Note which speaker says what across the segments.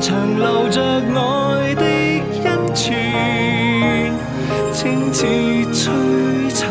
Speaker 1: 長留着愛的恩泉，清澈璀璨。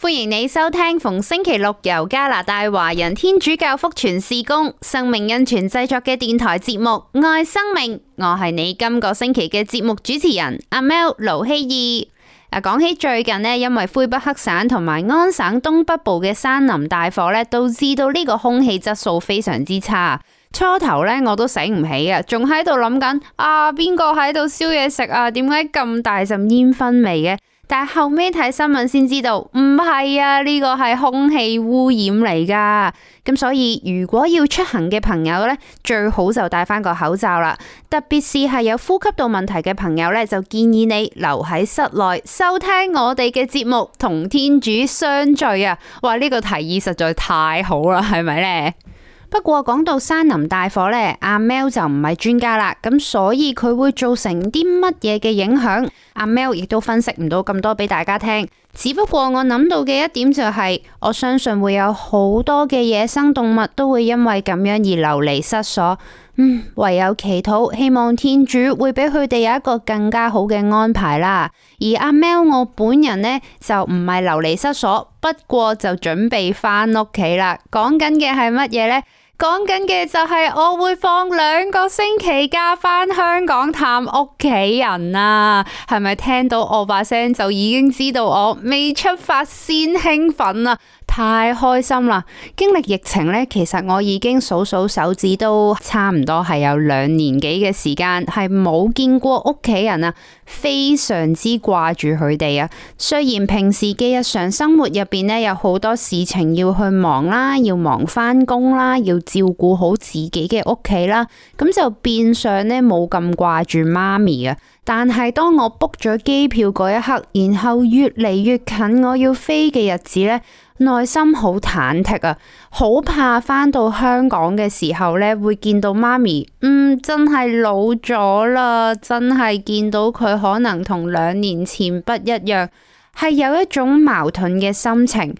Speaker 2: 歡迎你收聽逢星期六由加拿大華人天主教福傳事工生命恩泉製作嘅電台節目《愛生命》，我係你今個星期嘅節目主持人阿 Mel 盧希義。嗱，講起最近呢，因為魁北克省同埋安省東北部嘅山林大火咧，都知道呢個空氣質素非常之差。初頭咧，我都醒唔起啊，仲喺度諗緊啊，邊個喺度燒嘢食啊？點解咁大陣煙燻味嘅？但係後尾睇新聞先知道，唔係啊，呢個係空氣污染嚟噶。咁所以如果要出行嘅朋友呢，最好就戴翻個口罩啦。特別是係有呼吸道問題嘅朋友呢，就建議你留喺室內，收聽我哋嘅節目同天主相聚啊！哇，呢、這個提議實在太好啦，係咪呢？不過講到山林大火呢，阿 Mel 就唔係專家啦，咁所以佢會造成啲乜嘢嘅影響，阿 Mel 亦都分析唔到咁多俾大家聽。只不過我諗到嘅一點就係，我相信會有好多嘅野生動物都會因為咁樣而流離失所。嗯，唯有祈禱，希望天主會俾佢哋有一個更加好嘅安排啦。而阿 Mel 我本人呢，就唔係流離失所，不過就準備翻屋企啦。講緊嘅係乜嘢呢？講緊嘅就係我會放兩個星期假返香港探屋企人啊，係咪聽到我把聲就已經知道我未出發先興奮啊？太開心啦！經歷疫情呢，其實我已經數數手指都差唔多係有兩年幾嘅時間係冇見過屋企人啊，非常之掛住佢哋啊。雖然平時嘅日常生活入邊呢，有好多事情要去忙啦，要忙翻工啦，要照顧好自己嘅屋企啦，咁就變相呢冇咁掛住媽咪啊。但係當我 book 咗機票嗰一刻，然後越嚟越近我要飛嘅日子呢。內心好忐忑啊，好怕翻到香港嘅時候呢，會見到媽咪。嗯，真係老咗啦，真係見到佢可能同兩年前不一樣，係有一種矛盾嘅心情。誒、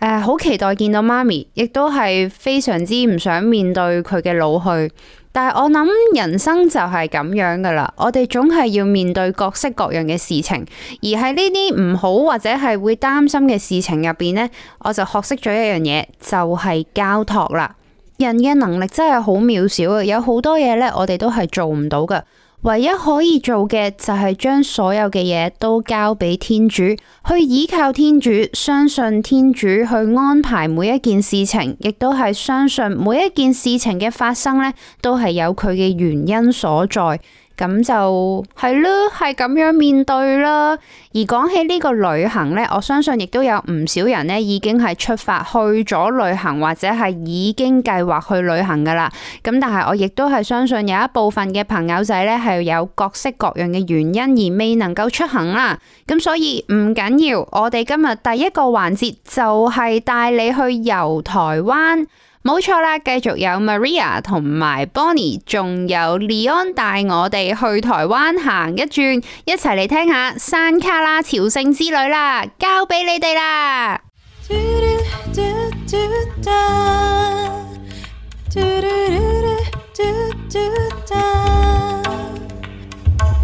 Speaker 2: 呃，好期待見到媽咪，亦都係非常之唔想面對佢嘅老去。但係我諗人生就係咁樣噶啦，我哋總係要面對各式各樣嘅事情，而喺呢啲唔好或者係會擔心嘅事情入邊呢，我就學識咗一樣嘢，就係交託啦。人嘅能力真係好渺小啊，有好多嘢呢，我哋都係做唔到噶。唯一可以做嘅就係將所有嘅嘢，都交俾天主，去依靠天主，相信天主去安排每一件事情，亦都係相信每一件事情嘅發生呢，都係有佢嘅原因所在。咁就係咯，係咁樣面對啦。而講起呢個旅行呢，我相信亦都有唔少人呢已經係出發去咗旅行，或者係已經計劃去旅行噶啦。咁但係我亦都係相信有一部分嘅朋友仔呢係有各式各樣嘅原因而未能夠出行啦。咁所以唔緊要，我哋今日第一個環節就係帶你去遊台灣。冇錯啦，繼續有 Maria 同埋 Bonnie，仲有 Leon 帶我哋去台灣行一轉，一齊嚟聽下山卡拉朝聖之旅啦，交俾你哋啦。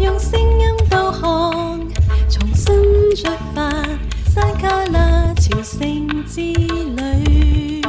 Speaker 3: 用聲音導航，重新出發，山卡拉朝聖之旅。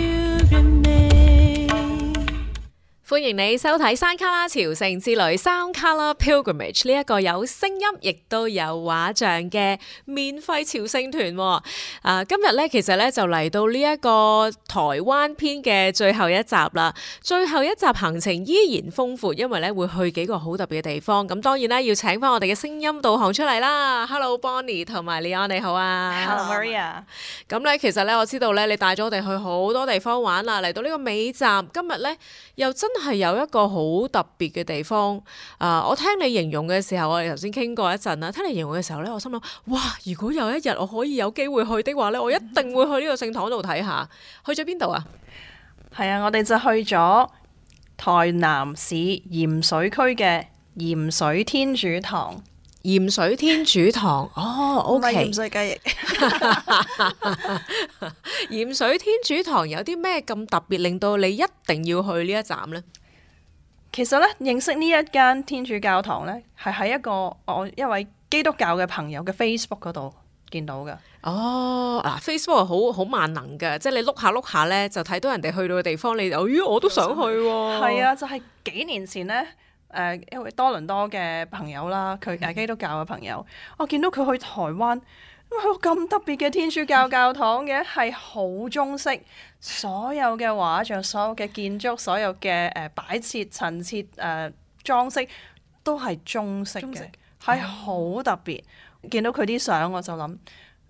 Speaker 4: 歡迎你收睇《山卡拉朝聖之旅》（山卡拉 Pilgrimage） 呢一個有聲音亦都有畫像嘅免費朝聖團。啊，今日咧其實咧就嚟到呢一個台灣篇嘅最後一集啦。最後一集行程依然豐富，因為咧會去幾個好特別嘅地方。咁當然啦，要請翻我哋嘅聲音導航出嚟啦。Hello，Bonnie 同埋 Leon，你好啊。Hello，Maria。咁咧、啊、其實咧我知道咧你帶咗我哋去好多地方玩啦。嚟到呢個尾集，今日咧又真係～係有一個好特別嘅地方啊、呃！我聽你形容嘅時候，我哋頭先傾過一陣啦。聽你形容嘅時候咧，我心諗，哇！如果有一日我可以有機會去的話咧，我一定會去呢個聖堂度睇下。去咗邊度啊？
Speaker 3: 係啊，我哋就去咗台南市鹽水區嘅鹽水天主堂。鹽水天主堂 哦，O K。唔係鹽水雞翼。
Speaker 4: 鹽 水天主堂有啲
Speaker 3: 咩咁特別，令到你一定要去呢一站呢？其實呢，認識呢一間天主教堂呢，係喺一個我一位基督教嘅朋友嘅 Facebook 嗰度見到嘅。哦，嗱、啊，Facebook 係好好萬能嘅，即係你碌下碌下呢，
Speaker 4: 就睇、是、到人哋去到嘅地方，你哦，咦、哎，我都想去喎、啊。係啊，就
Speaker 3: 係、是、幾年前呢。誒，uh, 多倫多嘅朋友啦，佢係基督教嘅朋友，嗯、我見到佢去台灣，咁佢咁特別嘅天主教教堂嘅係好中式，所有嘅畫像、所有嘅建築、所有嘅誒擺設、陳設誒、呃、裝飾都係中式嘅，係好式特別。 見到佢啲相，我就諗。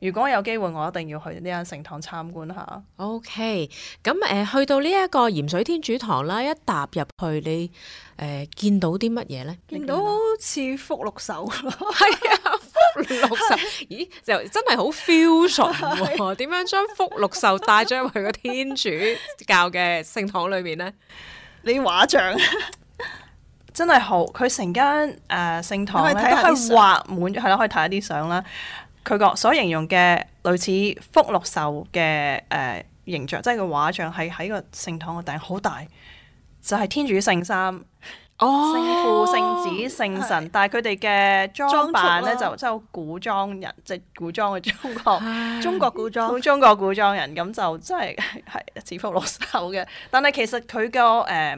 Speaker 3: 如果我有機會，我一定要去呢間聖堂參觀下。O K，
Speaker 4: 咁誒去到呢一個鹽水天主堂啦，一踏入去你誒見到啲乜嘢咧？
Speaker 3: 見到好似福祿壽咯，係啊，福祿壽，咦，
Speaker 4: 就真係好 fusion 喎！點樣將福祿壽帶咗去個天主教嘅聖堂裏面咧？
Speaker 3: 你畫像真係好，佢成間誒聖堂咧都係畫滿咗，係咯，可以睇一啲相啦。佢個所形容嘅類似福祿壽嘅誒形象，即係個畫像係喺個聖堂個頂好大，就係、是、天主聖三，哦、聖父、聖子、聖神，哦、但係佢哋嘅裝扮咧就真係古裝人，即、就、係、是、古裝嘅中國 中國古裝，古中國古裝人咁就真係係似福祿壽嘅，但係其實佢個誒。呃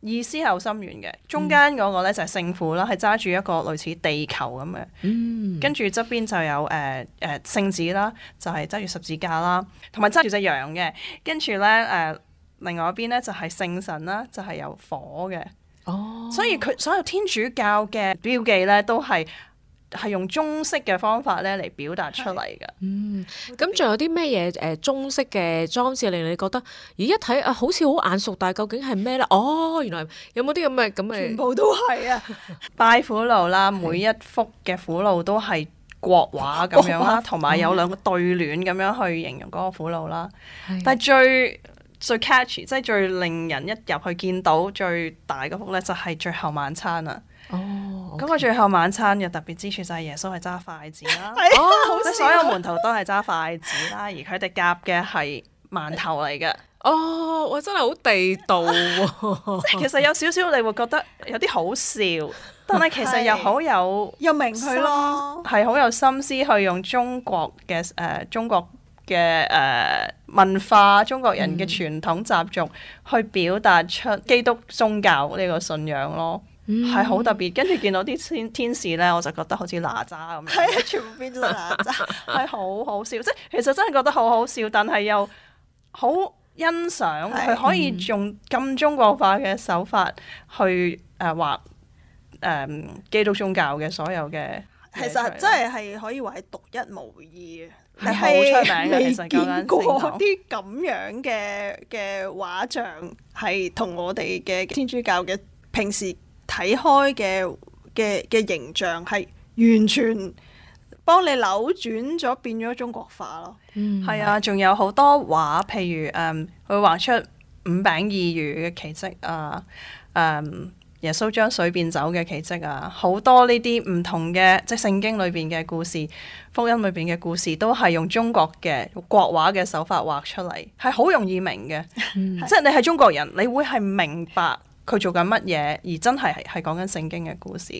Speaker 3: 意思係好深遠嘅，中間嗰個咧就係聖父啦，係揸住一個類似地球咁嘅，嗯、跟住側邊就有誒誒、呃呃、聖子啦，就係揸住十字架啦，同埋揸住隻羊嘅，跟住咧誒另外一邊咧就係聖神啦，就係、是、有火嘅，哦、所以佢所有天主教嘅標記咧都係。係用中式嘅方法咧嚟表達出嚟㗎，嗯，
Speaker 4: 咁仲有啲咩嘢？誒、呃，中式嘅裝置令你覺得，咦，一睇啊，好似好眼熟，但係究竟係咩咧？哦，原來有冇啲咁嘅咁嘅，全部都係啊！
Speaker 3: 拜苦路啦，每一幅嘅苦路都係國畫咁樣啦，同埋、 哦、哇有兩個對聯咁樣去形容嗰個苦路啦。的但係最最 catchy，即係最令人一入去見到最大嗰幅咧，就係、是《最後晚餐》喇！哦。咁 Okay. 個最後晚餐嘅特別之處就係耶穌係揸筷子啦，即係所有門徒都係揸筷子啦， 而佢哋夾嘅係饅頭嚟嘅。哦，我真係好地道喎、啊！即 係 其實有少少你會覺得有啲好笑， 但係其實又好有 又明佢咯，係好有心思去用中國嘅誒、uh, 中國嘅誒、uh, uh, 文化、中國人嘅傳統習俗去表達出基督宗教呢個信仰咯。係好、mm hmm. 特別，跟住見到啲天天使咧，我就覺得好似哪吒咁樣。係啊， 全部變咗哪吒，係好好笑。即係其實真係覺得好好笑，但係又好欣賞佢是可以用咁中國化嘅手法去誒、呃、畫誒、呃、基督宗教嘅所有嘅。其實真係係可以話係獨一無二嘅，係好是出名嘅。 其實見過啲咁樣嘅嘅畫像，係同我哋嘅天主教嘅平時睇開嘅嘅嘅形象係完全幫你扭轉咗，變咗中國化咯。係、嗯、啊，仲有好多畫，譬如誒，佢、嗯、畫出五餅二魚嘅奇蹟啊，誒、嗯，耶穌將水變酒嘅奇蹟啊，好多呢啲唔同嘅即係聖經裏邊嘅故事、福音裏邊嘅故事，都係用中國嘅國畫嘅手法畫出嚟，係好容易明嘅。嗯、是 即係你係中國人，你會係明白。佢做緊乜嘢？而真係係講緊聖經嘅故事。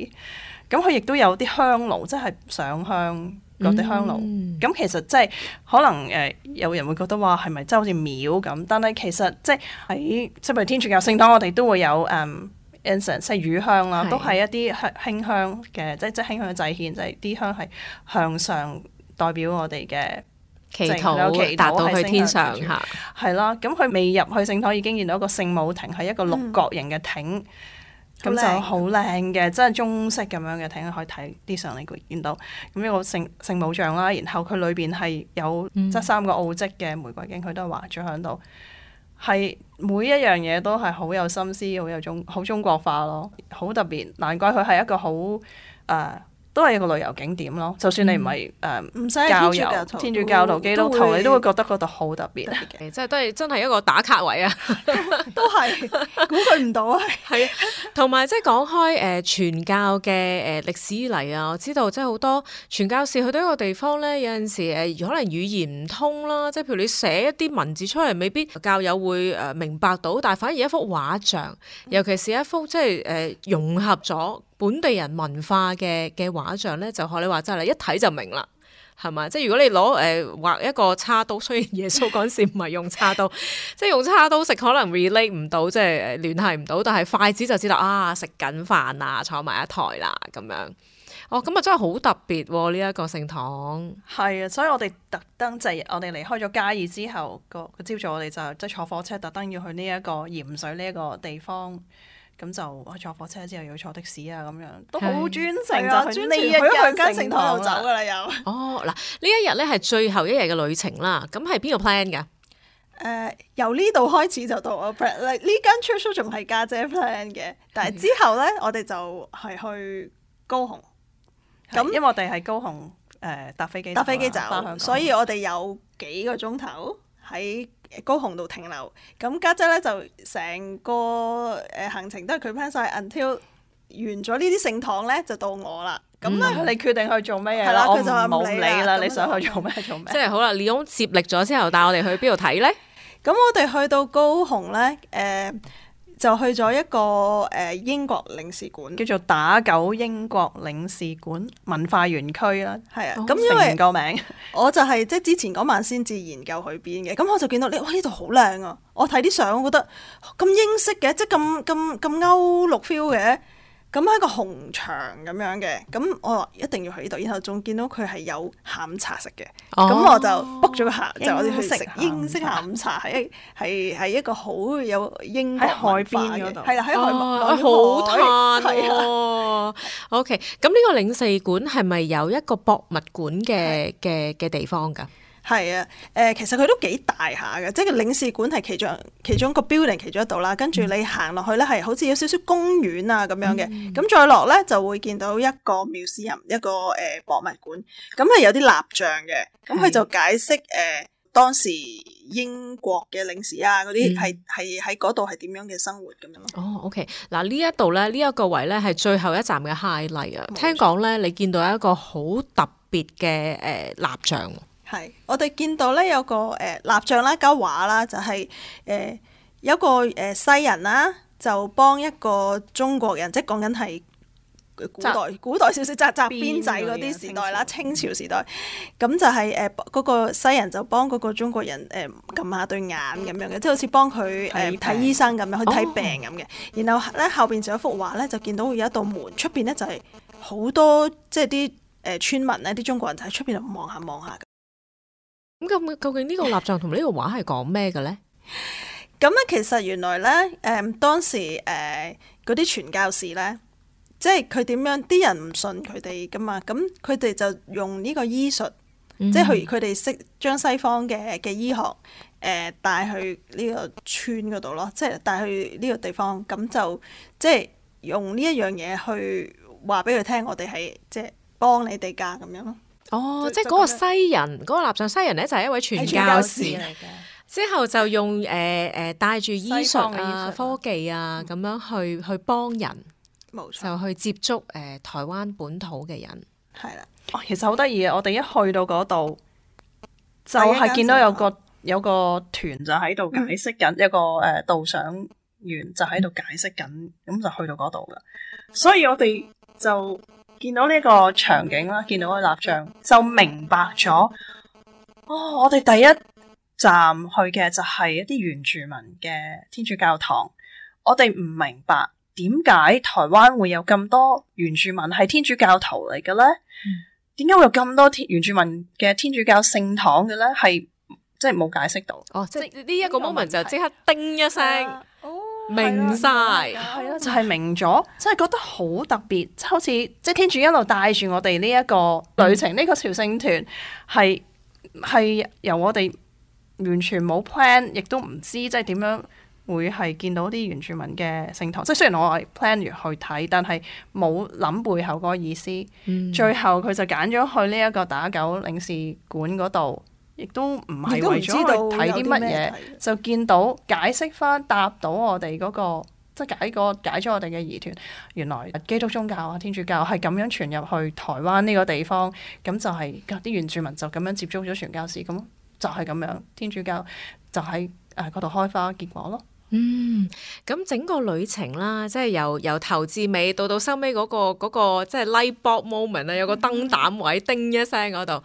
Speaker 3: 咁佢亦都有啲香爐，即係上香嗰啲香爐。咁、嗯、其實即係可能誒，有人會覺得話係咪真係好似廟咁？但係其實即係喺即係譬如天主教聖堂，我哋都會有誒，incense，即係乳香啦，都係一啲香馨香嘅，即係即係馨香嘅祭獻，就係啲香係向上代表我哋嘅。
Speaker 4: 祈求有禱，達到去天上下，
Speaker 3: 係啦。咁佢未入去聖堂，已經見到一個聖母亭，係一個六角形嘅亭，
Speaker 4: 咁、嗯、就
Speaker 3: 好靚嘅，即係、嗯、中式咁樣嘅亭，可以睇啲相你見到。咁一個聖聖母像啦，然後佢裏邊係有即三個奧跡嘅玫瑰經，佢都係畫咗喺度，係、嗯、每一樣嘢都係好有心思，好有中好中國化咯，好特別。難怪佢係一個好誒。呃都係一個旅遊景點咯，就算你唔係誒教友育天主教，教徒基督徒會，你都會覺得嗰度好特別。
Speaker 4: 即係都係真係一個打卡位啊，都係估佢唔到啊。係啊，同埋即係講開誒傳教嘅誒歷史嚟啊，我知道即係好多傳教士去到一個地方咧，有陣時誒、呃、可能語言唔通啦，即係譬如你寫一啲文字出嚟，未必教友會誒明白到，但係反而一幅畫像，尤其是一幅即係誒、呃、融合咗。本地人文化嘅嘅畫像呢，就學你話齋啦，一睇就明啦，係咪？即係如果你攞誒、呃、畫一個叉刀，雖然耶穌嗰陣時唔係用叉刀， 即係用叉刀食，可能 relate 唔到，即係聯繫唔到，但係筷子就知道啊，食緊飯啊，坐埋一台啦，咁樣。
Speaker 3: 哦，咁啊，真係好特別喎！呢一個聖堂係啊，所以我哋特登即係我哋離開咗嘉義之後，那個朝早我，我哋就即、是、係坐火車特登要去呢一個鹽水呢一個地方。咁就坐火車之後要坐的士啊，咁樣都好專程啊。的專程、啊、去，去一間聖堂度走噶啦，又。
Speaker 4: 哦，嗱，呢一日咧係最後一日嘅旅程啦。咁係邊個 plan 嘅？誒、
Speaker 3: 呃，由呢度開始就到我 plan 咧。呢間住宿仲係家姐 plan 嘅，但係之後咧，我哋就係去高雄。
Speaker 1: 咁、嗯，因為我哋係
Speaker 3: 高雄誒搭、呃、飛機，搭飛機走，所以我哋有幾個鐘頭喺高雄度停留，咁家姐咧就成個誒行程都係佢 plan 晒 until 完咗呢啲聖堂咧，就到我啦。咁咧你決定去做咩嘢？係啦了，佢就話唔不理啦。了你想去做咩？嗯、做咩？即係 好啦，
Speaker 4: 李勇接力咗
Speaker 3: 之後，帶我哋去邊度睇咧？咁 我哋去到高雄咧，誒、呃。 就去咗一個誒、呃、英國領事館，叫做打狗英國領事館文化園區啦，係啊的，咁成、哦、個名，我就係即係之前嗰晚先至研究去邊嘅，咁 我就見到咧，哇呢度好靚啊！我睇啲相，我覺得咁英式嘅，即係咁咁咁歐陸 feel 嘅。咁喺個紅牆咁樣嘅，咁我一定要去呢度，然後仲見到佢係有下午茶食嘅，咁我就 book 咗個下午，就我要去食英式下午茶，係一係係一個好有英國喺海邊嗰度，係啦喺海邊好攤，係
Speaker 4: OK，咁呢個領事館係咪有一個博物館嘅嘅嘅地方
Speaker 3: 㗎？係啊，誒、呃，其實佢都幾大下嘅，即係領事館係其中其中一個 building 其中一度啦，跟住你行落去咧係好似有少少公園啊咁樣嘅，咁、嗯、再落咧就會見到一個 museum 一個誒、呃、博物館，咁係有啲蠟像嘅，咁佢就解釋誒、呃、當時英國嘅領事啊嗰啲係係喺嗰度係點樣嘅生活咁樣
Speaker 4: 咯。哦，OK，嗱，呢一度咧呢一個位咧係最後一站嘅 highlight，聽講咧錯你見到一個好特別嘅誒蠟像。呃
Speaker 3: 係，我哋見到咧有個誒蠟像啦，加畫啦，就係誒有個誒西人啦，就幫一個中國人，即係講緊係古代古代少少紮紮辮仔嗰啲時代啦，清朝時代咁，就係誒嗰個西人就幫嗰個中國人誒撳下對眼咁樣嘅，即係好似幫佢誒睇醫生咁樣去睇病咁嘅。然後咧後邊就有幅畫咧，就見到會有一道門出邊咧，就係好多即係啲誒村民咧，啲中國人就喺出邊度望下望下。咁咁究竟個立個呢個蠟像同呢個畫係講咩嘅咧？咁咧其實原來咧，誒當時誒嗰啲傳教士咧，即係佢點樣啲人唔信佢哋噶嘛？咁佢哋就用呢個醫術、嗯哼，即係佢佢哋識將西方嘅嘅醫學誒帶去呢個村嗰度咯，即係帶去呢個地方，咁就即係用呢一樣嘢去話俾佢聽，我哋係即係幫你哋噶咁樣咯。哦，即係嗰個西
Speaker 4: 人，嗰、那個蠟像西人咧就係一位傳教士，教士之後
Speaker 3: 就用誒誒、
Speaker 4: 呃、帶住醫術啊、術啊科技啊咁、嗯、樣去去幫人，冇錯、嗯，就
Speaker 3: 去接觸誒、呃、台灣本土嘅人，係啦、嗯。哦，其實好得意啊，我哋一去到嗰度，
Speaker 1: 就係、是、見到有
Speaker 3: 個有個團就喺度解釋緊、嗯、一個誒導賞員就喺度解釋緊，咁就去到嗰度噶，所以我哋就，就。見到呢個場景啦，見到個蠟像就明白咗。哦，我哋第一站去嘅就係一啲原住民嘅天主教堂。我哋唔明白點解台灣會有咁多原住民係天主教徒嚟嘅呢？點解、嗯、會有咁多天原住民嘅天主教聖堂嘅呢？係即係冇解釋到。哦，即係
Speaker 4: 呢一個 moment 就即刻叮一聲。啊
Speaker 3: 明晒，係咯，就係明咗， 真係覺得好特別，即係好似即係天主一路帶住我哋呢一個旅程，呢、嗯、個朝聖團係係由我哋完全冇 plan，亦都唔知即係點樣會係見到啲原住民嘅聖堂。即係雖然我係 plan 完去睇，但係冇諗背後嗰意思。嗯、最後佢就揀咗去呢一個打狗領事館嗰度。亦都唔係為咗睇啲乜嘢，就見到解釋返，答到我哋嗰、那個，即係解個解咗我哋嘅疑團。原來基督宗教啊，天主教係咁樣傳入去台灣呢個地方，咁就係、是、啲原住民就咁樣接觸咗傳教士，咁就係咁樣，天主教就喺誒嗰度開花
Speaker 4: 結果咯。嗯，咁整個旅程啦，即係由由頭至尾，到到收尾嗰個嗰、嗰個即係 light bulb moment 啊，有個燈膽位叮一聲嗰度，誒、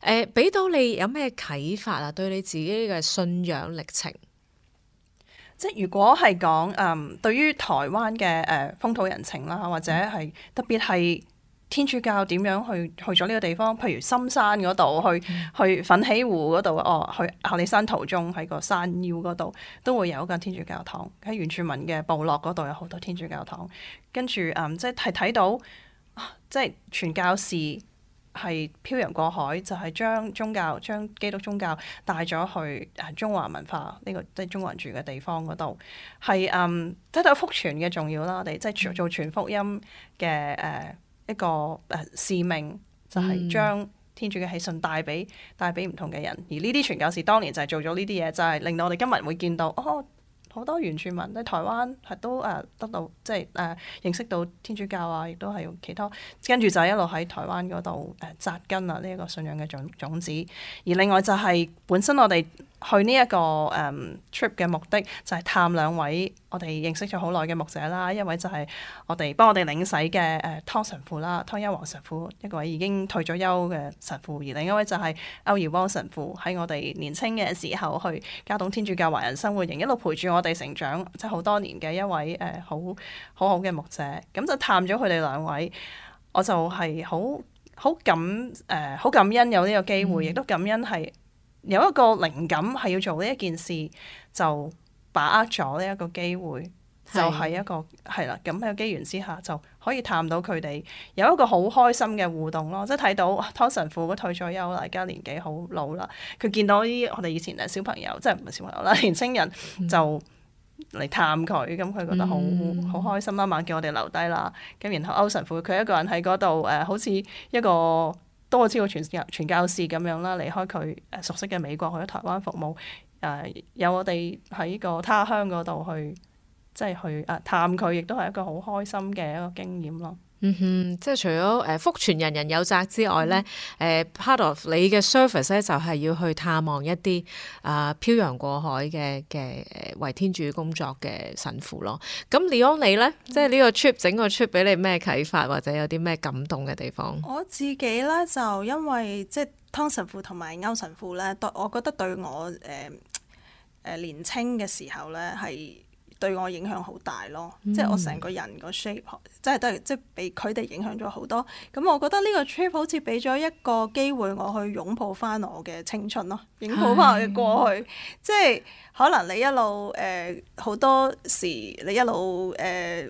Speaker 3: 呃，俾到你有咩啟發啊？對你自己嘅信仰歷程，即係如果係講誒，對於台灣嘅誒、呃、風土人情啦，或者係特別係。天主教點樣去去咗呢個地方？譬如深山嗰度，去去粉起湖嗰度，哦，去阿里山途中喺個山腰嗰度都會有一間天主教堂。喺原住民嘅部落嗰度有好多天主教堂。跟住嗯，即係睇到即係傳教士係漂洋過海，就係、是、將宗教、將基督宗教帶咗去啊中華文化呢、這個即係、就是、中華人住嘅地方嗰度，係嗯得到福傳嘅重要啦。我哋即係做傳福音嘅誒。呃一個誒、呃、使命就係、是、將天主嘅喜訊帶俾、嗯、帶俾唔同嘅人，而呢啲傳教士當年就係做咗呢啲嘢，就係、是、令到我哋今日會見到哦，好多原住民喺台灣係都誒、呃、得到即係誒、呃、認識到天主教啊，亦都係其他跟住就係一路喺台灣嗰度誒扎根啊呢一個信仰嘅種種子，而另外就係本身我哋。去呢一個誒 trip 嘅目的就係、是、探兩位我哋認識咗好耐嘅牧者啦，一位就係我哋幫我哋領洗嘅誒湯神父啦，湯一華神父，一位已經退咗休嘅神父，而另一位就係歐耀汪神父，喺我哋年青嘅時候去加東天主教華人生活營一路陪住我哋成長，即係好多年嘅一位誒好好好嘅牧者。咁就探咗佢哋兩位，我就係好好感誒好感恩有呢個機會，亦、嗯、都感恩係。有一個靈感係要做呢一件事，就把握咗呢一個機會，的就係一個係啦。咁喺機緣之下，就可以探到佢哋有一個好開心嘅互動咯。即係睇到湯、啊、神父都退咗休啦，而家年紀好老啦，佢見到啲我哋以前嘅小朋友，即係唔係小朋友啦，年青人就嚟探佢，咁佢、嗯、覺得好好開心啦、啊。嘛叫我哋留低啦，咁然後歐神父佢一個人喺嗰度，誒、呃、好似一個。都好，似個傳教傳教士咁樣啦，離開佢誒熟悉嘅美國，去咗台灣服務。誒、呃，有我哋喺個他鄉嗰度去，即係去誒、呃、探佢，亦都係一個好開心嘅一個經驗咯。
Speaker 4: 嗯哼，即係除咗誒福傳人人有責之外咧，誒、嗯呃、part of 你嘅 service 咧就係、是、要去探望一啲啊漂洋過海嘅嘅誒為天主工作嘅神父咯。咁 Leon 你咧，嗯、即係呢個 trip 整個 trip 俾你咩啟發或者有啲咩感動嘅地方？
Speaker 3: 我自己咧就因為即係湯神父同埋歐神父咧，對我覺得對我誒誒、呃呃呃、年青嘅時候咧係。對我影響好大咯、嗯，即係我成個人個 shape，即係都係即係俾佢哋影響咗好多。咁我覺得呢個 trip 好似俾咗一個機會我去擁抱翻我嘅青春咯，擁抱翻我嘅過去。的即係可能你一路誒、呃、好多時，你一路誒、呃、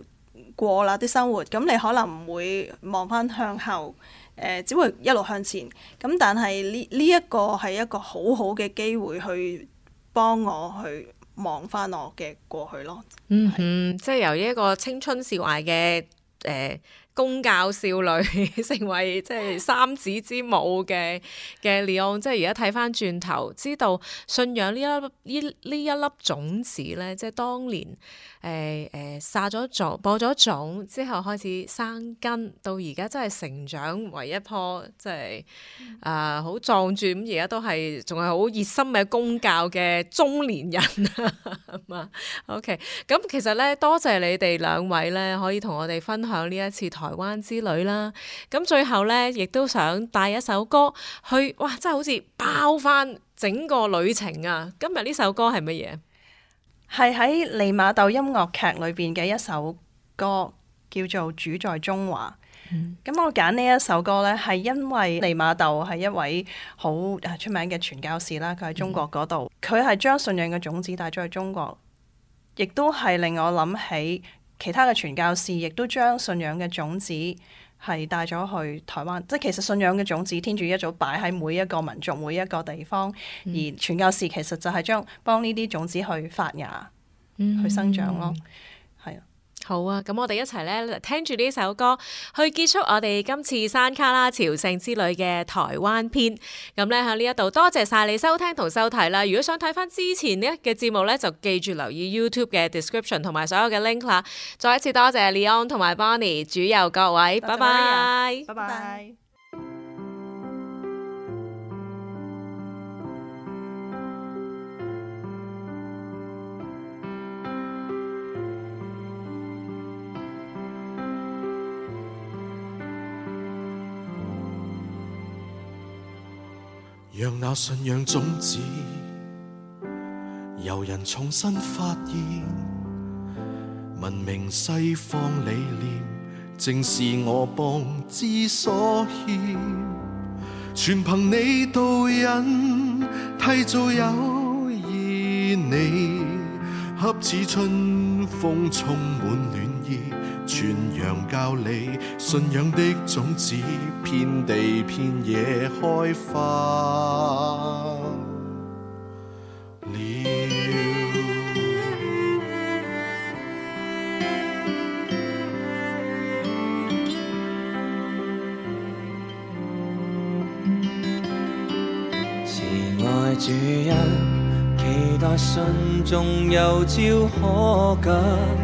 Speaker 3: 過啦啲生活，咁你可能唔會望翻向後，誒、呃、只會一路向前。咁但係呢呢一個係一個好好嘅機會去幫我去，望翻我嘅過去咯，
Speaker 4: 嗯，即係由一個青春少艾嘅誒。呃公教少女 成為即係三子之母嘅嘅利 e 即係而家睇翻轉頭知道信仰呢一粒呢呢一粒種子咧，即係當年誒誒殺咗種播咗種之後開始生根，到而家真係成長為一棵即係誒好壯著咁，而家都係仲係好熱心嘅公教嘅中年人啊嘛。 OK，咁其實咧多謝你哋兩位咧，可以同我哋分享呢一次台灣之旅啦，咁最後咧，亦都想帶一首歌去，哇！真係好似包返整個旅程啊！今日呢首歌係乜嘢？
Speaker 3: 係喺利瑪竇音樂劇裏邊嘅一首歌，叫做《主在中華》。咁、嗯、我揀呢一首歌咧，係因為利瑪竇係一位好出名嘅傳教士啦，佢喺中國嗰度，佢係將信仰嘅種子帶咗去中國，亦都係令我諗起。其他嘅傳教士亦都將信仰嘅種子係帶咗去台灣，即係其實信仰嘅種子天主一早擺喺每一個民族、每一個地方，而傳教士其實就係將幫呢啲種子去發芽，去生長咯。好
Speaker 4: 啊，咁我哋一齊咧
Speaker 3: 聽住呢首歌
Speaker 4: 去結束我哋今次山卡拉朝聖之旅嘅台灣篇。咁咧喺呢一度多謝晒你收聽同收睇啦。如果想睇返之前咧嘅節目咧，就記住留意 YouTube 嘅 description 同埋所有嘅 link 啦。再一次多謝 Leon 同埋 Bonnie 主佑各位，拜拜，
Speaker 3: 拜拜。
Speaker 1: 讓那信仰種子，由人重新發現，文明西方理念，正是我邦之所欠。全憑你導引，締造友誼，你恰似春風充滿暖意。全羊教你信仰的種子遍地遍野開花了。慈愛主恩，期待信眾有朝可近。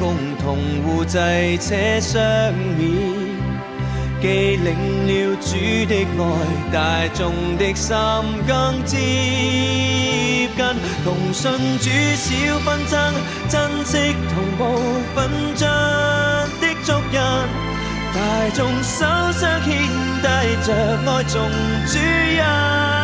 Speaker 1: 共同互制，且相勉，既領了主的愛，大眾的心更接近。同信主，少紛爭，珍惜同步分章的足印，大眾手相牽，帶着愛眾主人。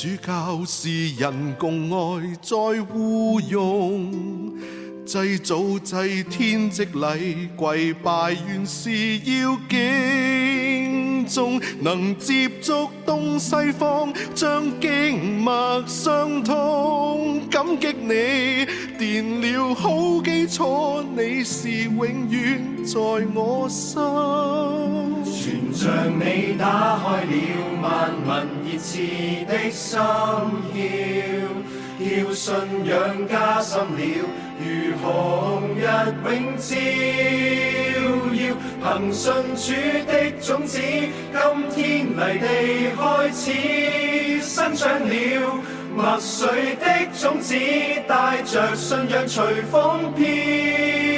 Speaker 1: 主教是人共愛，再互用。祭祖祭天禮，即禮跪拜，原是要敬重。能接觸東西方，將經脈相通。感激你奠了好基礎，你是永遠在我心。像你打開了萬民熱熾的心竅，叫信仰加深了，如紅日永照耀。憑信主的種子，今天泥地開始生長了，麥穗的種子帶着信仰隨風飄。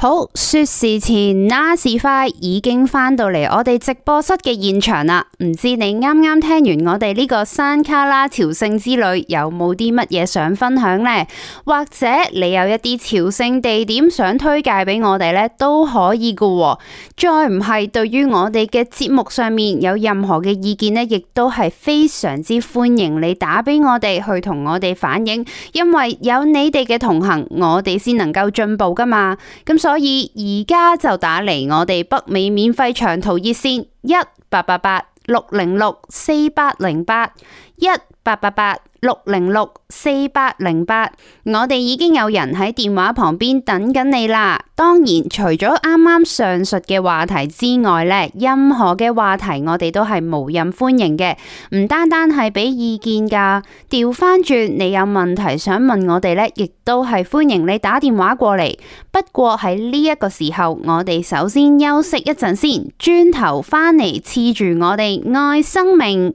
Speaker 2: 好說時遲啦，那事快已經返到嚟我哋直播室嘅現場啦。唔知你啱啱聽完我哋呢個山卡拉朝聖之旅，有冇啲乜嘢想分享呢？或者你有一啲朝聖地點想推介俾我哋呢，都可以噶喎。再唔係，對於我哋嘅節目上面有任何嘅意見呢，亦都係非常之歡迎你打俾我哋去同我哋反映，因為有你哋嘅同行，我哋先能夠進步噶嘛。咁所以而家就打嚟我哋北美免費長途熱線一八八八六零六四八零八一。八八八六零六四八零八，8，我哋已經有人喺電話旁邊等緊你啦。當然，除咗啱啱上述嘅話題之外呢，任何嘅話題我哋都係無任歡迎嘅。唔單單係俾意見噶，調翻轉，你有問題想問我哋呢，亦都係歡迎你打電話過嚟。不過喺呢一個時候，我哋首先休息一陣先，轉頭
Speaker 4: 翻嚟黐住我哋愛生命。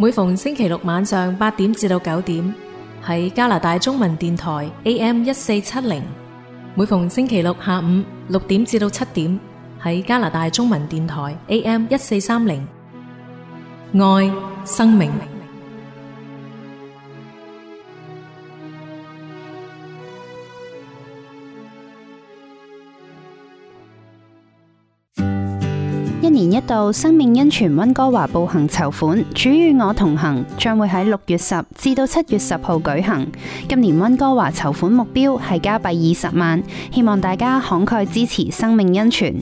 Speaker 4: 每逢星期六晚上八點至到九點，喺加拿大中文電台 AM 一四七零；每逢星期六下午六點至到七點，喺加拿大中文電台 AM 一四三零。愛生命。
Speaker 2: 一度生命恩泉溫哥華步行籌款，主與我同行將會喺六月十至到七月十號舉行。今年溫哥華籌款目標係加幣二十萬，希望大家慷慨支持生命恩泉。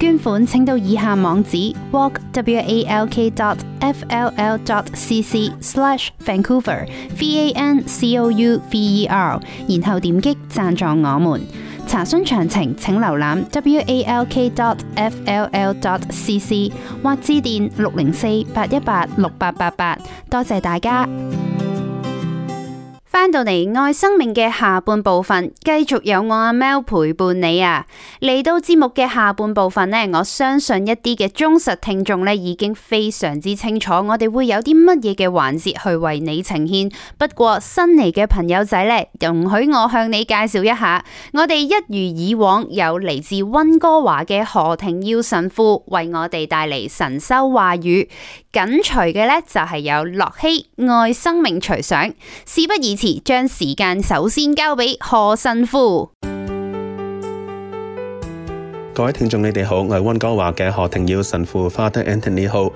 Speaker 2: 捐款請到以下網址 walk, w a l k .fll.cc slash vancouver, v a n c o u v e r 然後點擊贊助我們。查詢詳情，請瀏覽 walk.fll.cc 或致電六零四八一八六八八八，8，多謝大家。翻到嚟愛生命嘅下半部分，繼續有我阿 Mel 陪伴你啊！嚟到節目嘅下半部分呢，我相信一啲嘅忠實聽眾呢已經非常之清楚，我哋會有啲乜嘢嘅環節去為你呈現。不過新嚟嘅朋友仔呢，容許我向你介紹一下，我哋一如以往有嚟自溫哥華嘅何庭耀神父為我哋帶嚟神修話語。緊隨嘅咧就係、是、有駱曦愛生命隨想。事不宜遲，將時間首先交俾何神父。
Speaker 5: 各位聽眾，你哋好，我係温哥華嘅何庭耀神父 Father Anthony。好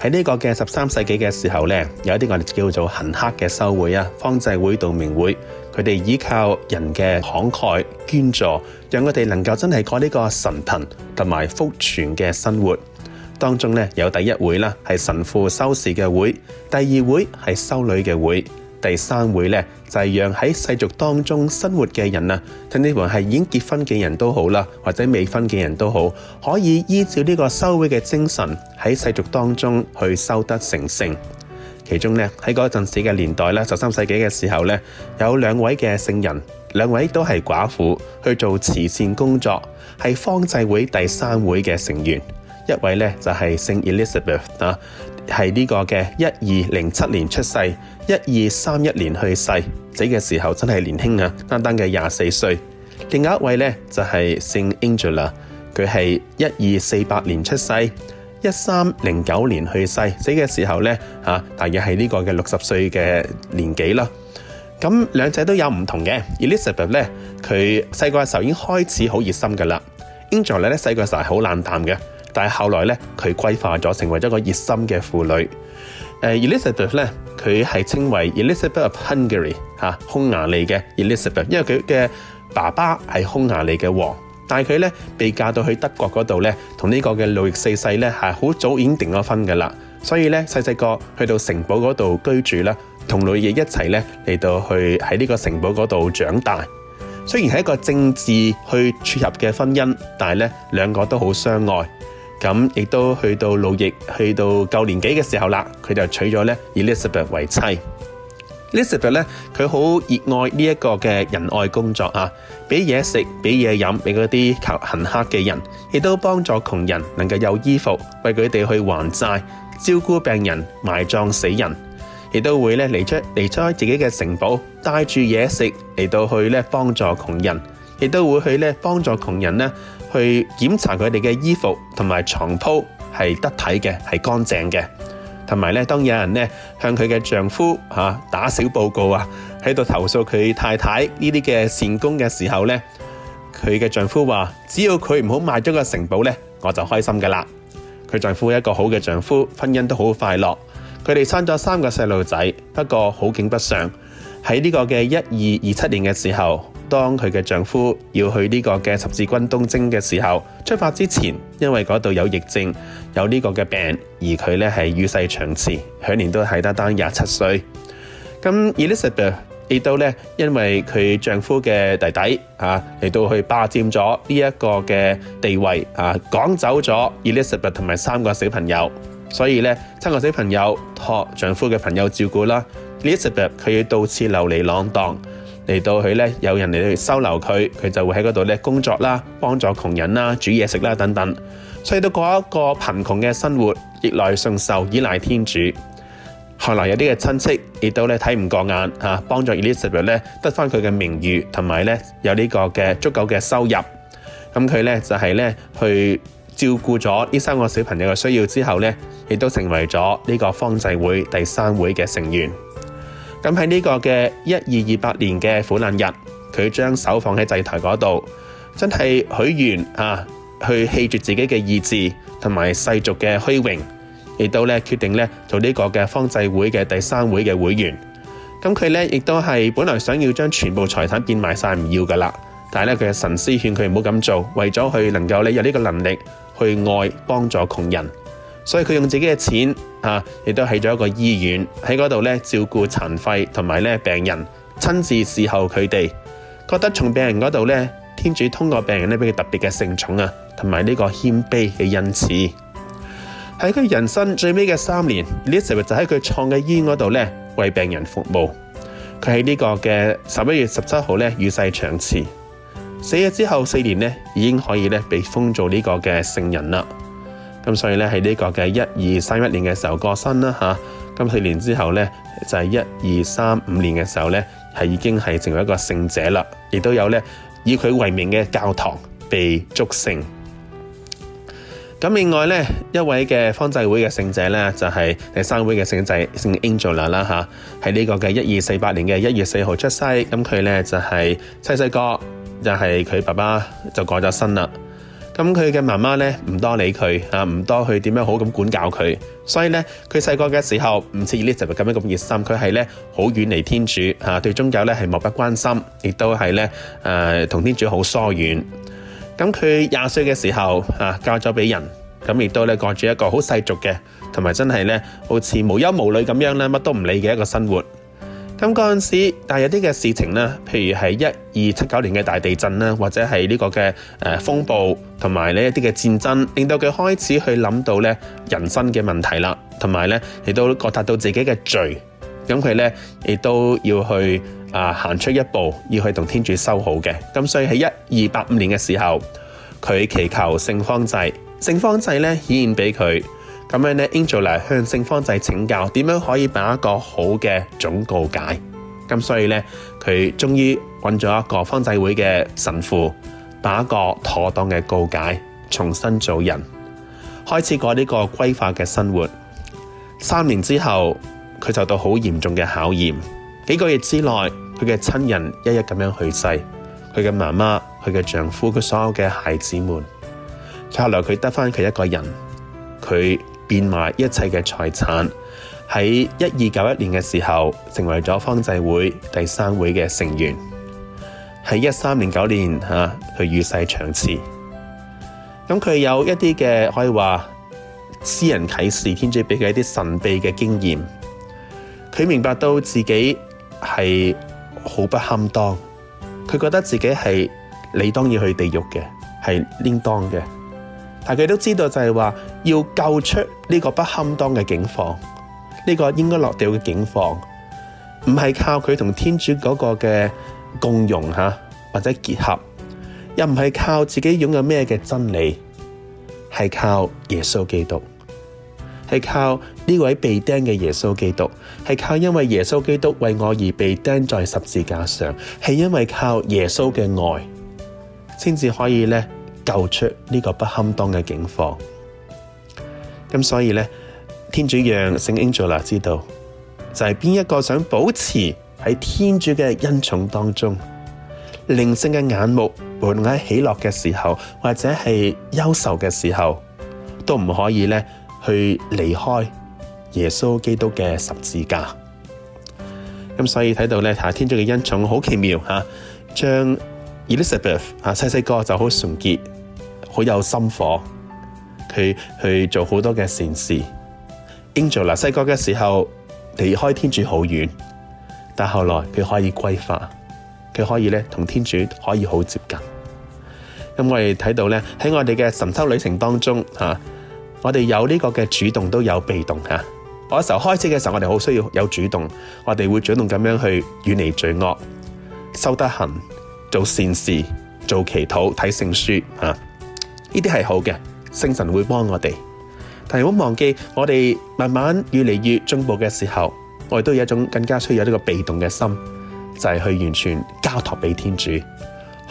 Speaker 5: 喺呢個嘅十三世紀嘅時候呢有一啲我哋叫做痕克嘅修會啊、方濟會、道明會，佢哋依靠人嘅慷慨捐助，讓我哋能夠真係過呢個神貧同埋福傳嘅生活。當中咧有第一會啦，係神父修士嘅會；第二會係修女嘅會；第三會咧就係讓喺世俗當中生活嘅人啊，甚至乎係已經結婚嘅人都好啦，或者未婚嘅人都好，可以依照呢個修會嘅精神喺世俗當中去修得成聖。其中咧喺嗰陣時嘅年代咧，十三世紀嘅時候咧，有兩位嘅聖人，兩位都係寡婦去做慈善工作，係方濟會第三會嘅成員。一位咧就係、是、姓 Elizabeth 啊，係呢個嘅一二零七年出世，一二三一年去世，死嘅時候真係年輕啊，單單嘅廿四歲。另外一位咧就係、是、姓 Angela，佢係一二四八年出世，一三零九年去世，死嘅時候咧吓、啊、大約係呢個嘅六十歲嘅年紀啦。咁兩者都有唔同嘅。Elizabeth 咧佢細個嘅時候已經開始好熱心噶啦，Angela 咧細個嘅時候係好冷淡嘅。但係後來咧，佢規劃咗，成為咗個熱心嘅婦女。Elizabeth 咧，佢係稱為 Elizabeth of Hungary 嚇、啊、匈牙利嘅 Elizabeth，因為佢嘅爸爸係匈牙利嘅王。但係佢咧被嫁到去德國嗰度咧，同呢個嘅路易四世咧係好早已經定咗婚噶啦。所以咧細細個去到城堡嗰度居住啦，同路易一齊咧嚟到去喺呢個城堡嗰度長大。雖然係一個政治去切入嘅婚姻，但係咧兩個都好相愛。咁亦都去到老易，去到夠年紀嘅時候啦，佢就娶咗咧以 Elizabeth 為妻。Elizabeth 咧，佢好熱愛呢一個嘅仁愛工作啊，俾嘢食，俾嘢飲，俾嗰啲求行乞嘅人，亦都幫助窮人能夠有衣服，為佢哋去還債，照顧病人，埋葬死人，亦都會咧離開離開自己嘅城堡，帶住嘢食嚟到去咧幫助窮人，亦都會去咧幫助窮人呢。去檢查佢哋嘅衣服同埋床鋪係得體嘅，係乾淨嘅。同埋咧，當有人咧向佢嘅丈夫嚇、啊、打小報告啊，喺度投訴佢太太呢啲嘅善功嘅時候咧，佢嘅丈夫話：只要佢唔好賣咗個城堡咧，我就開心㗎喇。佢丈夫，一個好嘅丈夫，婚姻都好快樂。佢哋生咗三個細路仔，不過好景不常喺呢個嘅一二二七年嘅時候。當佢嘅丈夫要去呢個嘅十字軍東征嘅時候，出發之前，因為嗰度有疫症，有呢個嘅病，而佢咧係與世長辭，享年都係得單廿七歲。咁 Elizabeth 亦都咧，因為佢丈夫嘅弟弟啊嚟到去霸佔咗呢一個嘅地位啊，趕走咗 Elizabeth 同埋三個小朋友，所以咧，三個小朋友託丈夫嘅朋友照顧啦。Elizabeth 佢要到處流離浪蕩。嚟到佢咧，有人嚟去收留佢，佢就會喺嗰度咧工作啦，幫助窮人啦，煮嘢食啦等等，所以都過一個貧窮嘅生活，逆來順受，依賴天主。後來有啲嘅親戚亦都咧睇唔過眼嚇，幫、啊、助 Elizabeth 咧得返佢嘅名譽，同埋咧有呢有個嘅足夠嘅收入。咁佢咧就係、是、咧去照顧咗呢三個小朋友嘅需要之後咧，亦都成為咗呢個方濟會第三會嘅成員。咁喺呢個嘅一二二八年嘅苦難日，佢將手放喺祭台嗰度，真係許願啊，去棄絕自己嘅意志同埋世俗嘅虛榮，亦都咧決定咧做呢個嘅方濟會嘅第三會嘅會員。咁佢咧亦都係本來想要將全部財產變埋晒唔要噶啦，但係咧佢嘅神師勸佢唔好咁做，為咗佢能夠咧有呢個能力去愛幫助窮人。所以佢用自己嘅錢，啊，亦都起咗一個醫院喺嗰度咧，照顧殘廢同埋咧病人，親自侍候佢哋。覺得從病人嗰度咧，天主通過病人咧俾佢特別嘅聖寵啊，同埋呢個謙卑嘅恩賜。喺佢人生最尾嘅三年，李慈 就喺佢創嘅醫院嗰度咧為病人服務。佢喺呢個嘅十一月十七號咧與世長辭。死咗之後四年咧已經可以咧被封做呢個嘅聖人啦。咁所以咧，喺呢個嘅一二三一年嘅時候過身啦吓，咁、啊、四年之後呢，就係一二三五年嘅時候呢，係已經係成為一個聖者啦，亦都有呢以佢為名嘅教堂被祝聖。咁另外呢，一位嘅方濟會嘅聖者呢，就係、是、第三會嘅聖者聖 Angela 啦吓，喺呢、啊、個嘅一二四八年嘅一月四號出世，咁佢呢，就係細細個，就係、是、佢爸爸就過咗身啦。咁佢嘅媽媽咧唔多理佢啊，唔多去點樣好咁管教佢，所以咧佢細個嘅時候唔似 l i 就係咁樣咁熱心，佢係咧好遠離天主啊，對宗教咧係漠不關心，亦都係咧誒同天主好疏遠。咁佢廿歲嘅時候啊，嫁咗俾人，咁、啊、亦都咧過住一個好世俗嘅，同埋真係咧好似無憂無慮咁樣咧，乜都唔理嘅一個生活。咁嗰陣時，但係有啲嘅事情咧，譬如係一二七九年嘅大地震啦，或者係呢個嘅誒、呃、風暴，同埋呢一啲嘅戰爭，令到佢開始去諗到咧人生嘅問題啦，同埋咧亦都覺察到自己嘅罪。咁佢咧亦都要去啊行出一步，要去同天主修好嘅。咁所以喺一二八五年嘅時候，佢祈求聖方濟。聖方濟咧顯現俾佢。咁樣呢，Angela 嚟向聖方濟請教，點樣可以辦一個好嘅總告解？咁所以呢，佢終於揾咗一個方濟會嘅神父，打一個妥當嘅告解，重新做人，開始過呢個歸化嘅生活。三年之後，佢受到好嚴重嘅考驗，幾個月之內，佢嘅親人一一咁樣去世，佢嘅媽媽、佢嘅丈夫、佢所有嘅孩子們，再後來佢得翻佢一個人，佢。變賣一切嘅財產，喺一二九一年嘅時候，成為咗方濟會第三會嘅成員。喺一三零九年，吓佢與世長辭。咁佢有一啲嘅可以話私人啟示，天主俾佢一啲神秘嘅經驗。佢明白到自己係好不堪當，佢覺得自己係理當要去地獄嘅，係應當嘅。但佢都知道就，就係話要救出呢個不堪當嘅境況，呢、呢個應該落掉嘅境況，唔係靠佢同天主嗰個嘅共融吓，或者結合，又唔係靠自己擁有咩嘅真理，係靠耶穌基督，係靠呢位被釘嘅耶穌基督，係靠因為耶穌基督為我而被釘在十字架上，係因為靠耶穌嘅愛，先至可以呢，救出呢個不堪當嘅境況，咁所以咧，天主讓聖 Angela 知道，就係、是、邊一個想保持喺天主嘅恩寵當中，靈性嘅眼目無論喺喜樂嘅時候，或者係憂愁嘅時候，都唔可以咧去離開耶穌基督嘅十字架。咁所以睇到咧，天主嘅恩寵好奇妙吓、啊，將 Elizabeth 啊，細細個就好純潔。好有心火，佢去，去做好多嘅善事。Angela，嗱，細個嘅時候離開天主好遠，但係後來佢可以歸化，佢可以咧同天主可以好接近。咁、嗯、我哋睇到咧喺我哋嘅神修旅程當中吓、啊，我哋有呢個嘅主動，都有被動吓、啊。我一嘅時候開始嘅時候，我哋好需要有主動，我哋會主動咁樣去遠離罪惡，修德行，做善事，做祈禱，睇聖書啊。呢啲係好嘅，聖神會幫我哋，但係唔好忘記，我哋慢慢越嚟越進步嘅時候，我哋都有一種更加需要有呢個被動嘅心，就係去完全交託俾天主，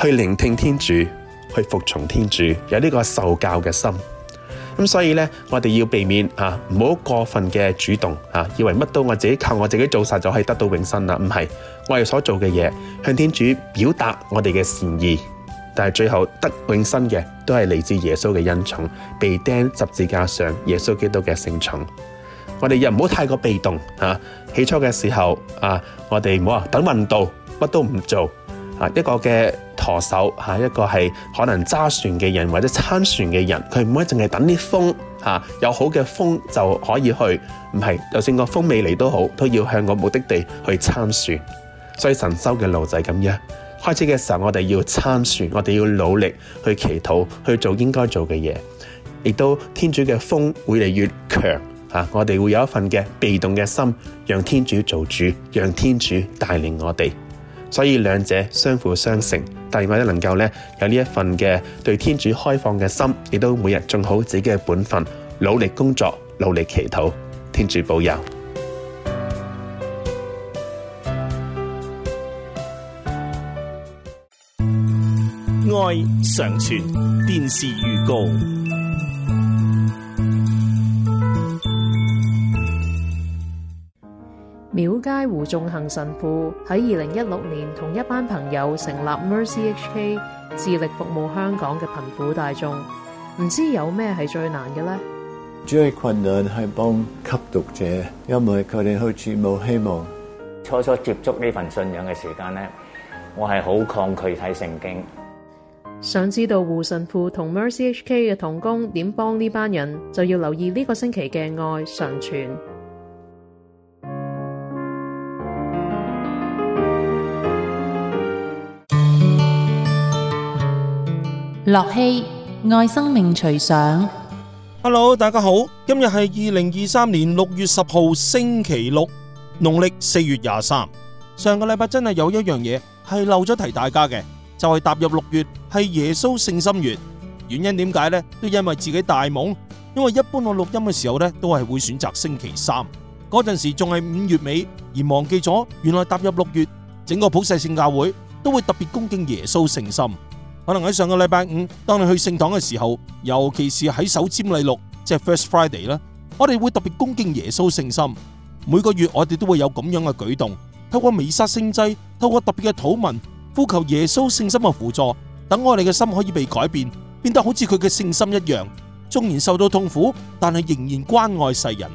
Speaker 5: 去聆聽天主，去服從天主，有呢個受教嘅心。咁所以咧，我哋要避免啊，唔好過分嘅主動啊，以為乜都我自己靠我自己做晒就可以得到永生啦。唔係，我哋所做嘅嘢，向天主表達我哋嘅善意。但係最後得永生嘅，都係嚟自耶穌嘅恩寵，被釘十字架上耶穌基督嘅聖寵。我哋又唔好太過被動吓、啊，起初嘅時候啊，我哋唔好啊話等運道，乜都唔做啊一個嘅舵手吓，一個係、啊、可能揸船嘅人或者撐船嘅人，佢唔可以淨係等啲風吓、啊，有好嘅風就可以去，唔係就算個風未嚟都好，都要向個目的地去撐船。所以神修嘅路就係咁樣。開始嘅時候，我哋要參選，我哋要努力去祈禱，去做應該做嘅嘢，亦都天主嘅風會越嚟越強，吓、啊、我哋會有一份嘅被動嘅心，讓天主做主，讓天主帶領我哋，所以兩者相輔相成。但願我哋能夠呢，有呢一份嘅對天主開放嘅心，亦都每日做好自己嘅本分，努力工作，努力祈禱，天主保
Speaker 6: 佑。愛常傳電視預
Speaker 4: 告。廟街胡頌恆神父喺二零一六年同一班朋友成立 Mercy HK，致力服務香港嘅貧苦大眾。唔知有咩係最難嘅咧？
Speaker 7: 最困難係幫吸毒者，因為佢哋去絕望，冇希望。初初接觸呢份信仰嘅時間咧，我係好抗拒睇聖經。
Speaker 4: 想知道胡神父同 Mercy HK 嘅同工點幫呢班人，就要留意呢個星期嘅愛常存。
Speaker 3: 駱曦愛生命隨想。
Speaker 6: Hello，大家好，今日係二零二三年六月十號星期六，農曆四月廿三。上個禮拜真係有一樣嘢係漏咗提大家嘅。就係踏入六月，係耶穌聖心月。原因點解呢？都因為自己大懵。因為一般我錄音嘅時候呢，都係會選擇星期三嗰陣時，仲係五月尾，而忘記咗原來踏入六月，整個普世聖教會都會特別恭敬耶穌聖心。可能喺上個禮拜五，當你去聖堂嘅時候，尤其是喺首瞻禮六，即係 First Friday 啦，我哋會特別恭敬耶穌聖心。每個月我哋都會有咁樣嘅舉動，透過彌撒聖祭，透過特別嘅禱文。呼求耶穌聖心嘅輔助，等我哋嘅心可以被改變，變得好似佢嘅聖心一樣。縱然受到痛苦，但係仍然關愛世人。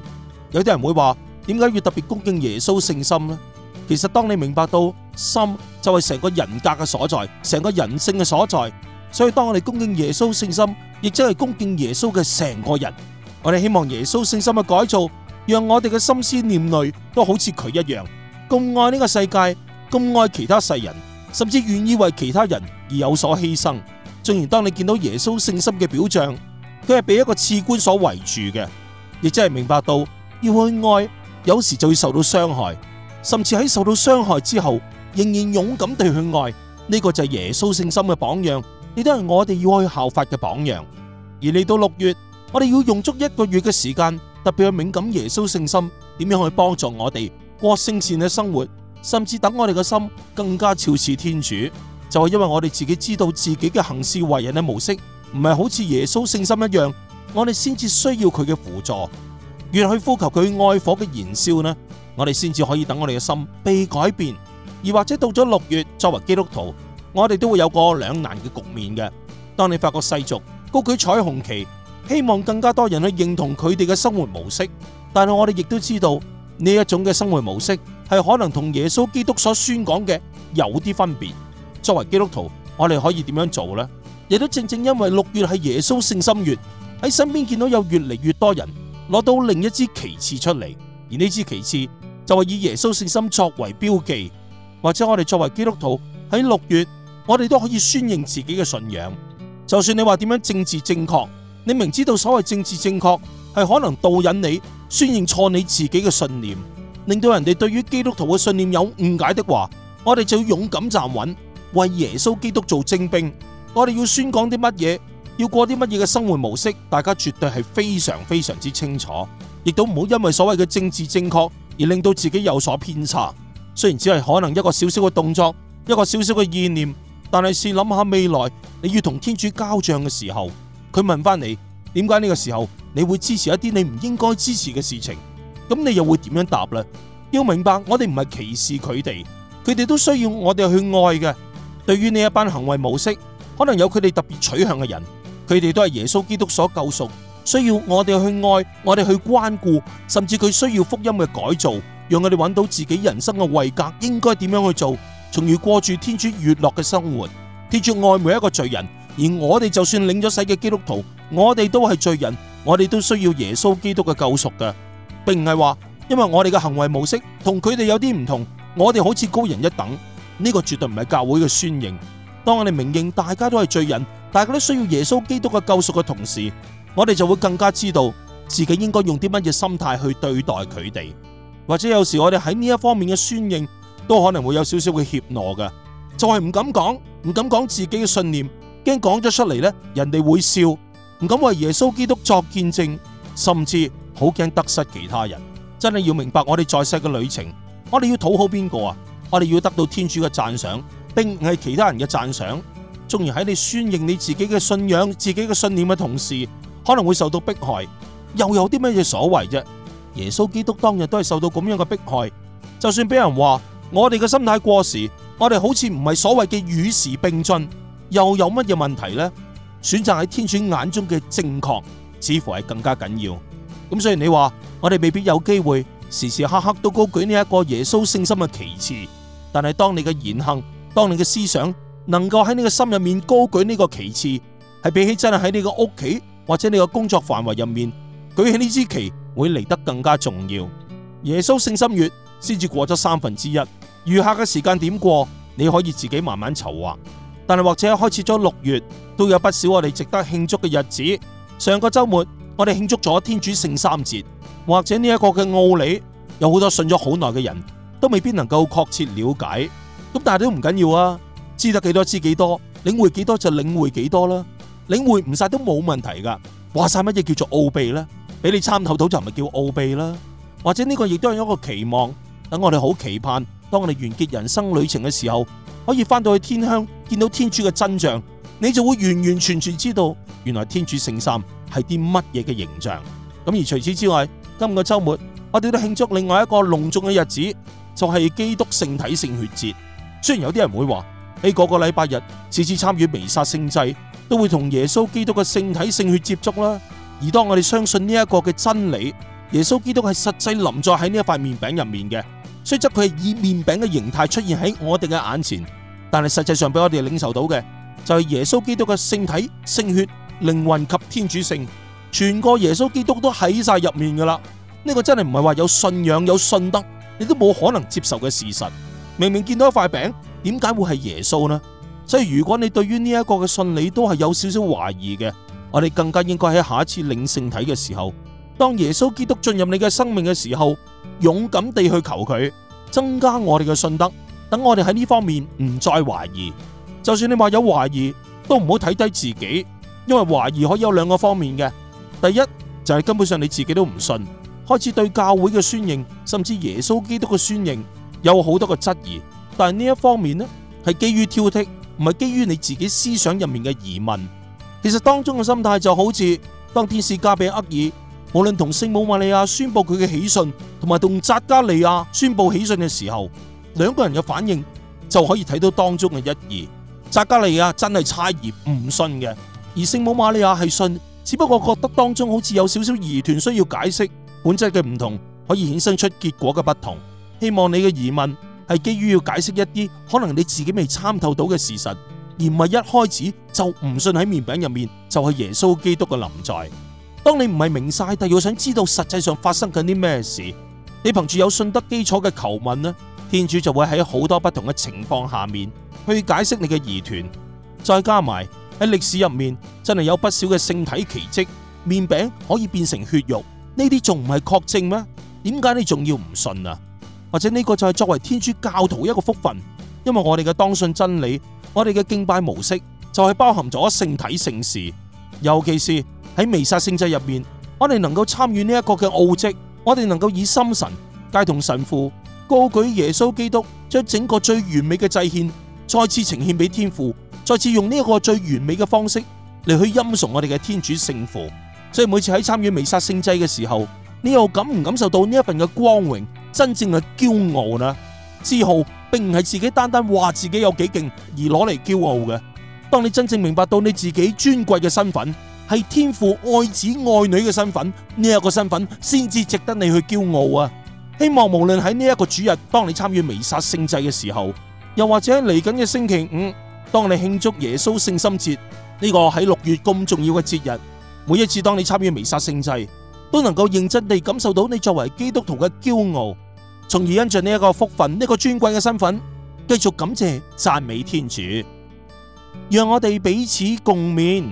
Speaker 6: 有啲人會話，點解要特別恭敬耶穌聖心呢？其實當你明白到心就係成個人格嘅所在，成個人性嘅所在，所以當我哋恭敬耶穌聖心，亦即係恭敬耶穌嘅成個人。我哋希望耶穌聖心嘅改造，讓我哋嘅心思念慮都好似佢一樣，咁愛呢個世界，咁愛其他世人。甚至願意為其他人而有所犧牲。正如當你見到耶穌聖心嘅表象，佢係被一個刺冠所圍住嘅，亦即係明白到要去愛，有時就會受到傷害，甚至喺受到傷害之後，仍然勇敢地去愛。呢個就係耶穌聖心嘅榜樣，亦都係我哋要去效法嘅榜樣。而嚟到六月，我哋要用足一個月嘅時間，特別去敏感耶穌聖心，點樣去幫助我哋過聖善嘅生活。甚至等我哋嘅心更加肖似天主，就係因為我哋自己知道自己嘅行事為人嘅模式，唔係好似耶穌聖心一樣，我哋先至需要佢嘅輔助，越去呼求佢愛火嘅燃燒呢，我哋先至可以等我哋嘅心被改變，而或者到咗六月作為基督徒，我哋都會有個兩難嘅局面嘅。當你發覺世俗高舉彩虹旗，希望更加多人去認同佢哋嘅生活模式，但係我哋亦都知道。呢一種嘅生活模式係可能同耶穌基督所宣講嘅有啲分別。作為基督徒，我哋可以點樣做呢？亦都正正因為六月係耶穌聖心月，喺身邊見到有越嚟越多人攞到另一支旗幟出嚟，而呢支旗幟就係以耶穌聖心作為標記，或者我哋作為基督徒喺六月，我哋都可以宣認自己嘅信仰。就算你話點樣政治正確，你明知道所謂政治正確。係可能導引你宣認錯你自己嘅信念，令到人哋對於基督徒嘅信念有誤解的話，我哋就要勇敢站穩，為耶穌基督做精兵。我哋要宣講啲乜嘢，要過啲乜嘢嘅生活模式，大家絕對係非常非常之清楚，亦都唔好因為所謂嘅政治正確而令到自己有所偏差。雖然只係可能一個小小嘅動作，一個小小嘅意念，但係試諗下未來你要同天主交賬嘅時候，佢問翻你。點解呢個時候你會支持一啲你唔應該支持嘅事情？咁你又會點樣答呢？要明白，我哋唔係歧視佢哋，佢哋都需要我哋去愛嘅。對於呢一班行為模式，可能有佢哋特別取向嘅人，佢哋都係耶穌基督所救贖，需要我哋去愛，我哋去關顧，甚至佢需要福音嘅改造，讓佢哋搵到自己人生嘅位格，應該點樣去做，從而過住天主悅樂嘅生活。天主愛每一個罪人，而我哋就算領咗洗嘅基督徒，我哋都係罪人，我哋都需要耶穌基督嘅救贖嘅，並唔係話，因為我哋嘅行為模式同佢哋有啲唔同，我哋好似高人一等，呢個絕對唔係教會嘅宣認。當我哋明認大家都係罪人，大家都需要耶穌基督嘅救贖嘅同時，我哋就會更加知道自己應該用啲乜嘢心態去對待佢哋，或者有時我哋喺呢一方面嘅宣認都可能會有少少嘅怯懦嘅，就係唔敢講，唔敢講自己嘅信念，驚講咗出嚟呢，人哋會笑。唔敢為耶穌基督作見證，甚至好驚得失其他人。真係要明白，我哋在世嘅旅程，我哋要討好邊個啊？我哋要得到天主嘅讚賞，並唔係其他人嘅讚賞。縱然喺你宣認你自己嘅信仰、自己嘅信念嘅同時，可能會受到迫害，又有啲乜嘢所謂啫？耶穌基督當日都係受到咁樣嘅迫害，就算俾人話我哋嘅心態過時，我哋好似唔係所謂嘅與時並進，又有乜嘢問題呢？選擇喺天主眼中嘅正確，似乎係更加緊要。咁雖然你話我哋未必有機會時時刻刻都高舉呢一個耶穌聖心嘅旗幟，但係當你嘅言行，當你嘅思想，能夠喺你嘅心入面高舉呢個旗幟，係比起真係喺你個屋企或者你個工作範圍入面舉起呢支旗，會嚟得更加重要。耶穌聖心月先至過咗三分之一，餘下嘅時間點過，你可以自己慢慢籌劃。但係或者開始咗六月都有不少我哋值得慶祝嘅日子。上個周末我哋慶祝咗天主聖三節，或者呢一個嘅奧理有好多信咗好耐嘅人都未必能夠確切了解。咁但係都唔緊要啊，知得幾多知幾多，領會幾多就領會幾多啦。領會唔晒都冇問題噶。話晒乜嘢叫做奧秘呢？俾你參透到就唔係叫奧秘啦。或者呢個亦都係一個期望，等我哋好期盼，當我哋完結人生旅程嘅時候，可以翻到去天鄉，見到天主嘅真像，你就會完完全全知道原來天主聖三係啲乜嘢嘅形象。咁而除此之外，今個周末我哋都慶祝另外一個隆重嘅日子，就係、是、基督聖體聖血節。雖然有啲人會話，喺個個禮拜日次次參與彌撒聖祭，都會同耶穌基督嘅聖體聖血接觸啦。而當我哋相信呢一個嘅真理，耶穌基督係實際臨在喺呢一塊麵餅入面嘅。雖則佢係以麵餅嘅形態出現喺我哋嘅眼前，但係實際上俾我哋領受到嘅就係、是、耶穌基督嘅聖體、聖血、靈魂及天主性，全個耶穌基督都喺晒入面噶啦。呢、這個真係唔係話有信仰、有信德，你都冇可能接受嘅事實。明明見到一塊餅，點解會係耶穌呢？所以如果你對於呢一個嘅信理都係有少少懷疑嘅，我哋更加應該喺下一次領聖體嘅時候。當耶穌基督進入你嘅生命嘅時候，勇敢地去求佢增加我哋嘅信德，等我哋喺呢方面唔再懷疑。就算你話有懷疑，都唔好睇低自己，因為懷疑可以有兩個方面嘅。第一就係、是、根本上你自己都唔信，開始對教會嘅宣認，甚至耶穌基督嘅宣認有好多嘅質疑。但係呢一方面呢，係基於挑剔，唔係基於你自己思想入面嘅疑問。其實當中嘅心態就好似當天使加俾額爾無論同聖母瑪利亞宣布佢嘅喜訊，同埋同扎加利亞宣布喜訊嘅時候，兩個人嘅反應就可以睇到當中嘅一異。扎加利亞真係猜疑唔信嘅，而聖母瑪利亞係信，只不過覺得當中好似有少少疑團需要解釋。本質嘅唔同可以衍生出結果嘅不同。希望你嘅疑問係基於要解釋一啲可能你自己未參透到嘅事實，而唔係一開始就唔信喺麵餅入面就係、是、耶穌基督嘅臨在。當你唔係明晒，但又想知道實際上發生緊啲咩事，你憑住有信德基礎嘅求問咧，天主就會喺好多不同嘅情況下面去解釋你嘅疑團。再加埋喺歷史入面，真係有不少嘅聖體奇迹，麵餅可以變成血肉，呢啲仲唔係確證咩？點解你仲要唔信啊？或者呢個就係作為天主教徒一個福分，因為我哋嘅當信真理，我哋嘅敬拜模式就係、是、包含咗聖體聖事，尤其是。喺彌撒聖祭入面，我哋能夠參與呢一個嘅奧蹟，我哋能夠以心神偕同神父高舉耶穌基督，將整個最完美嘅祭獻再次呈獻俾天父，再次用呢一個最完美嘅方式嚟去欽崇我哋嘅天主聖父。所以每次喺參與彌撒聖祭嘅時候，你又感唔感受到呢一份嘅光榮、真正嘅驕傲呢？自豪並唔係自己單單話自己有幾勁而攞嚟驕傲嘅。當你真正明白到你自己尊貴嘅身份。係天父愛子愛女嘅身份，呢一個身份先至值得你去驕傲啊！希望無論喺呢一個主日，當你參與彌撒聖祭嘅時候，又或者嚟緊嘅星期五，當你慶祝耶穌聖心節，呢個喺六月咁重要嘅節日，每一次當你參與彌撒聖祭，都能夠認真地感受到你作為基督徒嘅驕傲，從而因着呢一個福分、呢個尊貴嘅身份，繼續感謝讚美天主，讓我哋彼此共勉。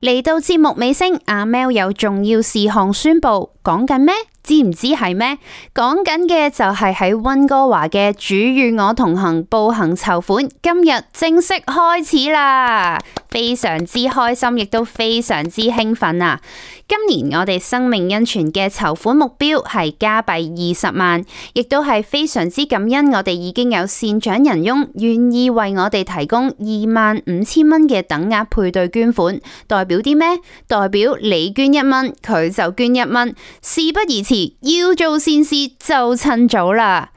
Speaker 2: 嚟到節目尾聲，阿 Mel 有重要事項宣布，講緊咩？知唔知係咩？講緊嘅就係喺溫哥華嘅主與我同行步行籌款，今日正式開始啦！非常之開心，亦都非常之興奮啊！今年我哋生命恩泉嘅籌款目標係加幣二十萬，亦都係非常之感恩，我哋已經有善長仁翁願意為我哋提供二萬五千蚊嘅等額配對捐款，代表啲咩？代表你捐一蚊，佢就捐一蚊。事不宜遲，要做善事就趁早啦。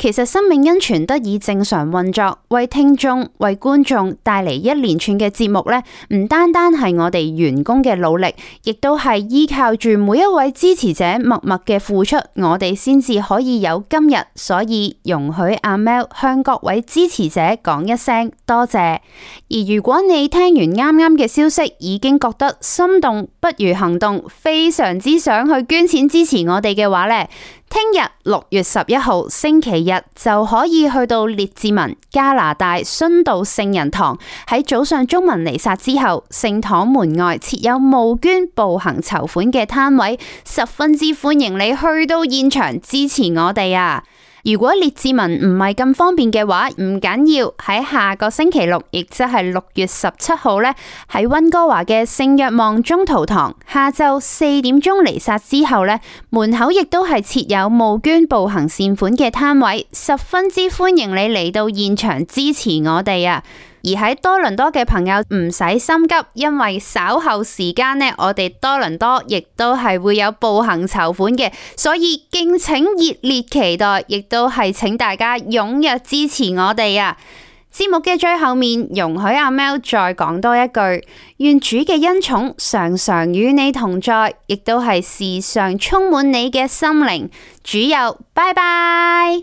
Speaker 2: 其實生命恩泉得以正常運作，為聽眾、為觀眾帶嚟一連串嘅節目呢，唔單單係我哋員工嘅努力，亦都係依靠住每一位支持者默默嘅付出，我哋先至可以有今日。所以容許阿 Mel 向各位支持者講一聲多謝。而如果你聽完啱啱嘅消息，已經覺得心動不如行動，非常之想去捐錢支持我哋嘅話呢。聽日六月十一號星期日就可以去到列治文，加拿大殉道聖人堂，喺早上中文彌撒之後，聖堂門外設有募捐步行籌款嘅攤位，十分之歡迎你去到現場支持我哋啊！如果列治文唔係咁方便嘅話，唔緊要，喺下個星期六，亦即係六月十七號呢，喺溫哥華嘅聖約望中教堂下晝四點鐘彌撒之後呢，門口亦都係設有募捐步行善款嘅攤位，十分之歡迎你嚟到現場支持我哋啊！而喺多倫多嘅朋友唔使心急，因為稍後時間呢，我哋多倫多亦都係會有步行籌款嘅，所以敬請熱烈期待，亦都係請大家踊躍支持我哋啊！節目嘅最後面，容許阿喵再講多一句，願主嘅恩寵常常與你同在，亦都係時常充滿你嘅心靈。主佑，拜拜。